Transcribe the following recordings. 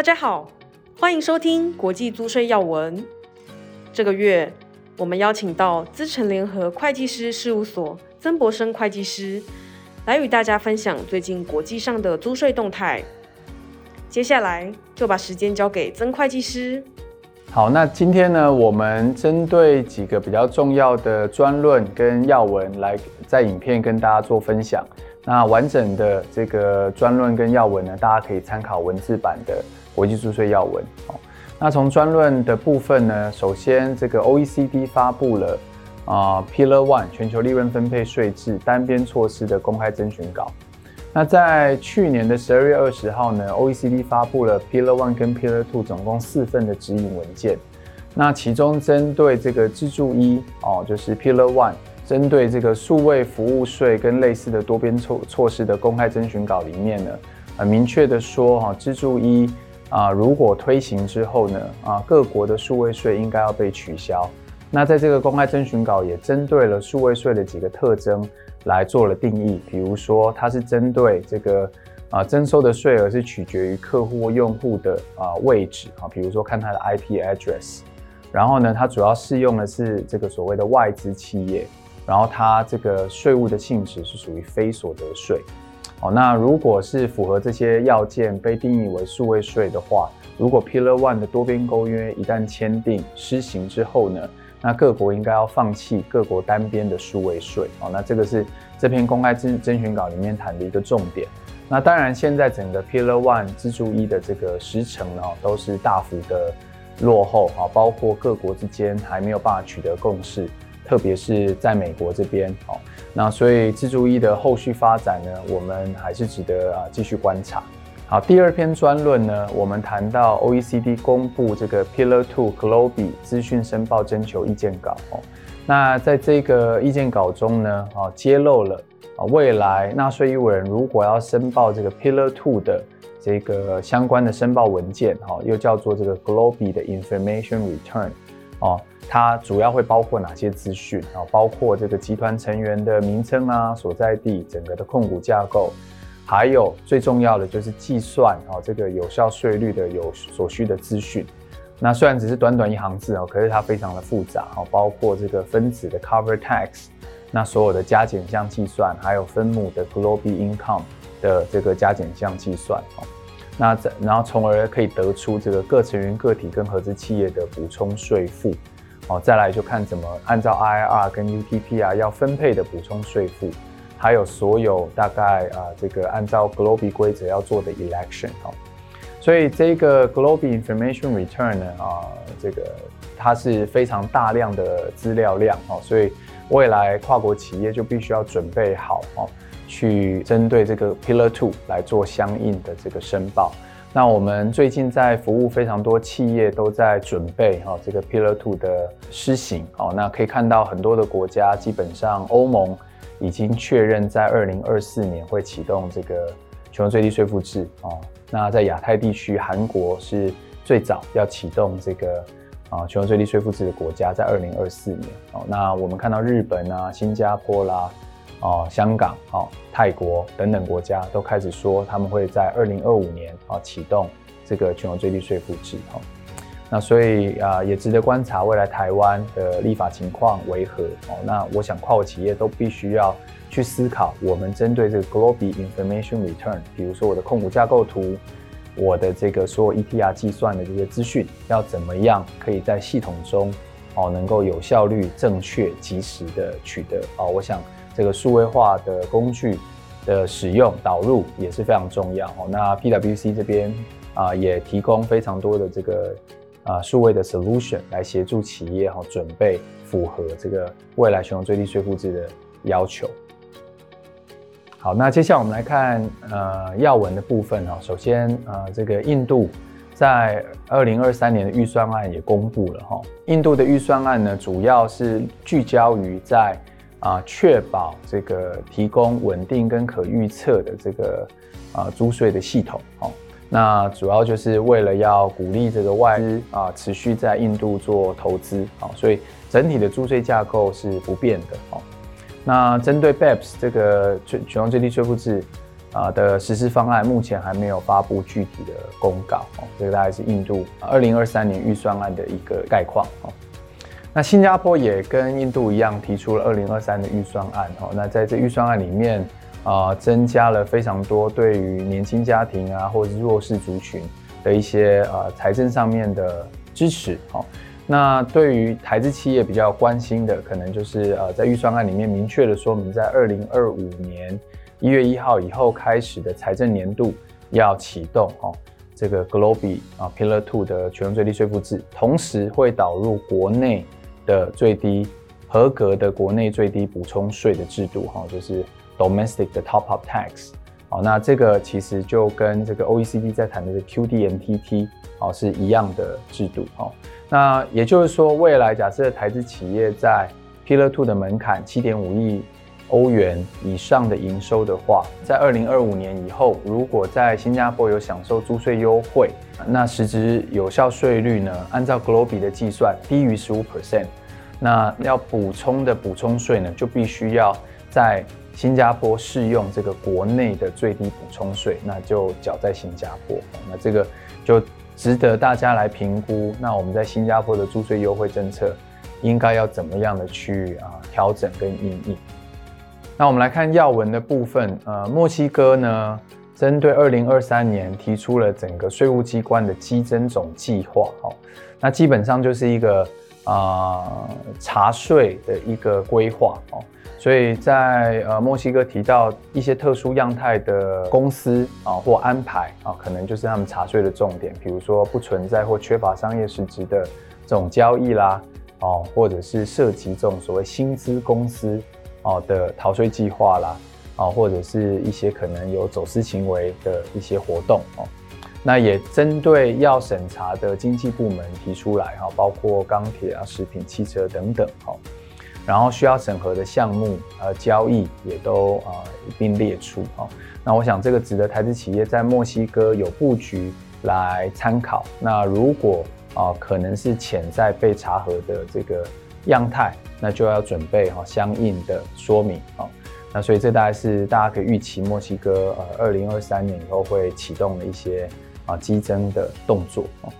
大家好，歡迎收聽國際租稅要聞。這個月我們邀請到資誠聯合會計師事務所曾博生會計師來與大家分享最近國際上的租稅動態。接下來就把時間交給曾會計師。好，那今天呢，我們針對幾個比較重要的專論跟要聞，來在影片跟大家做分享。那完整的這個專論跟要聞呢，大家可以參考文字版的。國際租稅要聞，那從專論的部分呢，首先，這個 OECD 發布了啊、呃、Pillar One 全球利潤分配稅制單邊措施的公開徵詢稿。那在去年的十二月二十號呢，OECD 發布了 Pillar One 跟 Pillar Two 總共四份的指引文件。那其中針對這個支柱一哦，就是 Pillar One 針對這個數位服務稅跟類似的多邊措措施的公開徵詢稿裡面呢，很、呃、明確的說哈，哦，支柱一。啊，如果推行之後呢，啊，各國的數位稅應該要被取消。那在這個公開徵詢稿也針對了數位稅的幾個特徵來做了定義，比如說它是針對這個啊徵收的稅額是取決於客戶用戶的啊位置啊，比如說看它的 IP address。然後呢，它主要適用的是這個所謂的外資企業，然後它這個稅務的性質是屬於非所得稅。好、哦，那如果是符合這些要件被定義為數位稅的話，如果 Pillar One 的多邊公約一旦簽訂施行之後呢，那各國應該要放棄各國單邊的數位稅。哦，那這個是這篇公開徵徵詢稿裡面談的一個重點。那當然，現在整個 Pillar One 支柱一的這個時程呢、哦，都是大幅的落後啊，包括各國之間還沒有辦法取得共識。特別是在美國這邊，哦，那所以支柱一的後續發展呢，我們還是值得啊繼續觀察。好，第二篇專論呢，我們談到 OECD 公布這個 Pillar Two GloBE 資訊申報徵求意見稿，那在這個意見稿中呢，啊，揭露了啊，未來納稅義務人如果要申報這個 Pillar Two 的這個相關的申報文件，哈，又叫做這個 GloBE 的 Information Return。哦，它主要會包括哪些資訊？哦，包括這個集團成員的名稱啊、所在地、整個的控股架構，還有最重要的就是計算哦，這個有效稅率的有所需的資訊。那雖然只是短短一行字哦，可是它非常的複雜哦，包括這個分子的 Cover Tax，那所有的加減項計算，還有分母的 GloBE Income 的這個加減項計算哦。那，然後從而可以得出這個各成員個體跟合資企業的補充稅負，哦，再來就看怎麼按照 IIR 跟 UTPR 啊要分配的補充稅負，還有所有大概啊、呃、這個按照 GloBE 規則要做的 election 哦，所以這個 GloBE Information Return 呢啊、哦，這個它是非常大量的資料量哦，所以未來跨國企業就必須要準備好哦。去針對這個 Pillar Two 來做相應的這個申報。那我們最近在服務非常多企業，都在準備哦這個 Pillar Two 的施行。哦，那可以看到很多的國家，基本上歐盟已經確認在二零二四年會啟動這個全球最低稅負制。哦，那在亞太地區，韓國是最早要啟動這個啊、哦、全球最低稅負制的國家，在二零二四年。哦，那我們看到日本啊，新加坡啦。哦，香港、哦，泰國等等國家都開始說，他們會在二零二五年啊、哦、啟動這個全球最低稅負制。哦。那所以啊，也值得觀察未來台灣的立法情況為何。哦，那我想跨國企業都必須要去思考，我們針對這個 GloBE Information Return，比如說我的控股架構圖，我的這個所有 E T R 計算的這些資訊，要怎麼樣可以在系統中哦能夠有效率、正確、及時的取得。哦。我想。這個數位化的工具的使用導入也是非常重要。那 PWC 這邊啊、呃，也提供非常多的這個啊、呃、數位的 solution 來協助企業哈、哦、準備符合這個未來使用最低稅負制的要求。好，那接下來我們來看呃，要聞的部分、哦、首先呃，這個印度在二零二三年的預算案也公布了哈、哦。印度的預算案呢，主要是聚焦於在啊，確保這個提供穩定跟可預測的這個啊租稅的系統，哦。那主要就是為了要鼓勵這個外資啊持續在印度做投資，好、哦，所以整體的租稅架構是不變的，哦。那針對 BEPS 這個全全最低稅負制啊的實施方案，目前還沒有發布具體的公告，哦，這個大概是印度二零二三年預算案的一個概況，哦。那新加坡也跟印度一樣提出了二零二三的預算案哦。那在這預算案裡面，啊、呃，增加了非常多對於年輕家庭啊，或者是弱勢族群的一些呃財政上面的支持哦。那對於台資企業比較關心的，可能就是呃，在預算案裡面明確的說明，在二零二五年一月一號以後開始的財政年度要啟動哦這個 GloBE 啊 Pillar Two 的全球最低稅負制，同時會導入國內。的最低合格的國內最低補充稅的制度，哈，就是 domestic 的 top up tax，好，那這個其實就跟這個 OECD 在談的 QDMTT，好，是一樣的制度，好，那也就是說，未來假設台資企業在 Pillar Two 的門檻七點五億歐元以上的營收的話，在二零二五年以後，如果在新加坡有享受租稅優惠，那實質有效稅率呢，按照 GloBE 的計算，低於十五 percent。那要補充的補充稅呢，就必須要在新加坡適用這個國內的最低補充稅，那就繳在新加坡。那這個就值得大家來評估。那我們在新加坡的租稅優惠政策應該要怎麼樣的去啊調整跟因應？那我們來看要聞的部分。呃、啊，墨西哥呢，針對二零二三年提出了整個稅務機關的稽徵總計劃。哦，那基本上就是一個。啊、呃，查稅的一個規劃哦，所以在呃墨西哥提到一些特殊樣態的公司啊、哦、或安排啊、哦，可能就是他們查稅的重點，比如說不存在或缺乏商業實質的這種交易啦，哦，或者是涉及這種所謂薪資公司哦的逃稅計劃啦，啊、哦，或者是一些可能有走私行為的一些活動哦。那也針對要審查的經濟部門提出來哈，包括鋼鐵啊、食品、汽車等等哈，然後需要審核的項目呃交易，也都呃一併列出哈、哦。那我想這個值得台資企業在墨西哥有布局來參考。那如果啊、呃、可能是潛在被查核的這個樣態，那就要準備哈、呃、相應的說明啊、哦。那所以這大概是大家可以預期墨西哥呃二零二三年以後會啟動的一些。啊，激增的動作哦。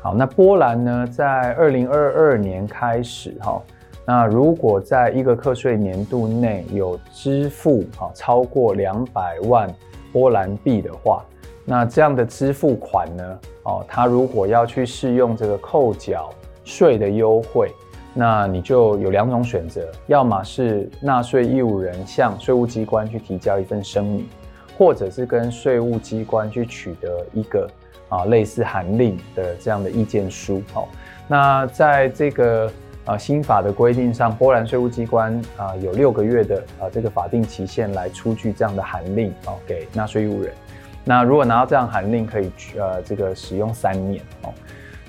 好，那波蘭呢，在二零二二年開始哈，那如果在一個課稅年度內有支付啊超過兩百萬波蘭幣的話，那這樣的支付款呢，哦，他如果要去適用這個扣繳稅的優惠，那你就有兩種選擇，要麼是納稅義務人向稅務機關去提交一份聲明。或者是跟稅務機關去取得一個啊類似函令的這樣的意見書。哦、喔，那在這個啊、呃、新法的規定上，波蘭稅務機關啊、呃、有六個月的啊、呃、這個法定期限來出具這樣的函令哦、喔、給納稅義務人。那如果拿到這樣的函令，可以呃這個使用三年哦、喔。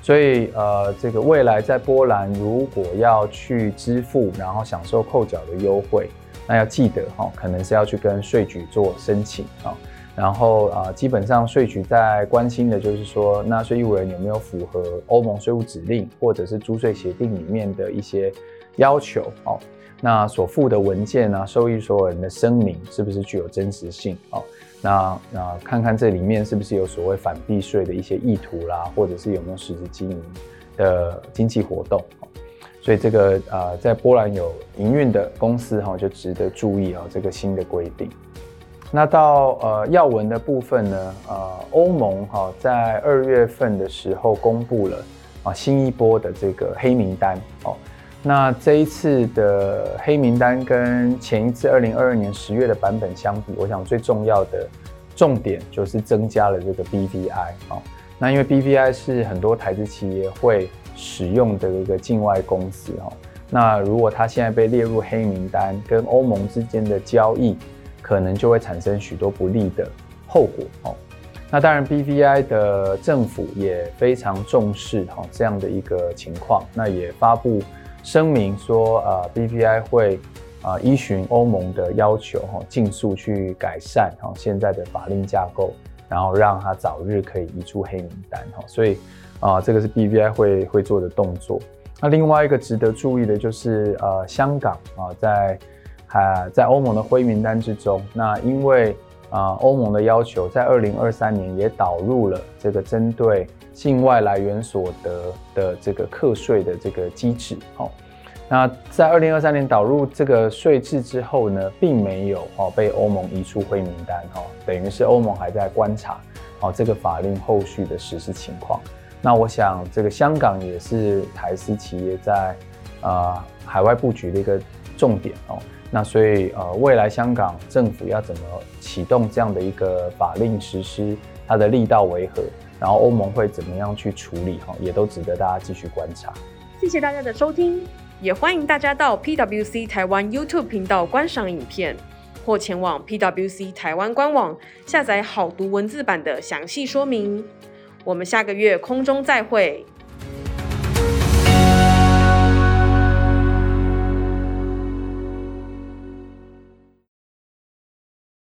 所以呃這個未來在波蘭如果要去支付，然後享受扣繳的優惠。那要記得哈、哦，可能是要去跟稅局做申請啊、哦，然後啊、呃，基本上稅局在關心的就是說，那納稅義務人有沒有符合歐盟稅務指令或者是租稅協定裡面的一些要求哦？那所附的文件呢、啊，受益所有人的聲明是不是具有真實性哦？那啊、呃，看看這裡面是不是有所謂反避稅的一些意圖啦，或者是有沒有實質經營的經濟活動。對這個啊、呃，在波蘭有營運的公司哈、哦，就值得注意啊、哦。這個新的規定，那到呃要聞的部分呢，呃，歐盟哈、哦、在二月份的時候公布了啊、哦、新一波的這個黑名單哦。那這一次的黑名單跟前一次二零二二年十月的版本相比，我想最重要的重點就是增加了這個 BVI 哦。那因為 BVI 是很多台資企業會。使用的一個境外公司哦，那如果它現在被列入黑名單，跟歐盟之間的交易可能就會產生許多不利的後果哦。那當然，BVI 的政府也非常重視哈這樣的一個情況，那也發布聲明說啊，BVI 會啊依循歐盟的要求哈，盡速去改善哈現在的法令架構，然後讓它早日可以移出黑名單哈，所以。啊，這個是 BVI 會會做的動作。那另外一個值得注意的就是，呃，香港啊，在啊在歐盟的灰名單之中。那因為啊歐盟的要求，在二零二三年也導入了這個針對境外來源所得的，的這個課稅的這個機制。哦。那在二零二三年導入這個稅制之後呢，並沒有哦被歐盟移出灰名單。哦，等於是歐盟還在觀察哦這個法令後續的實施情況。那我想，這個香港也是台資企業在，呃，海外布局的一個重點哦。那所以，呃，未來香港政府要怎麼啟動這樣的一個法令實施，它的力道為何？然後歐盟會怎麼樣去處理？哈，也都值得大家繼續觀察。謝謝大家的收聽，也歡迎大家到 PwC 台灣 YouTube 頻道觀賞影片，或前往 PwC 台灣官網下載好讀文字版的詳細說明。我們下個月空中再會。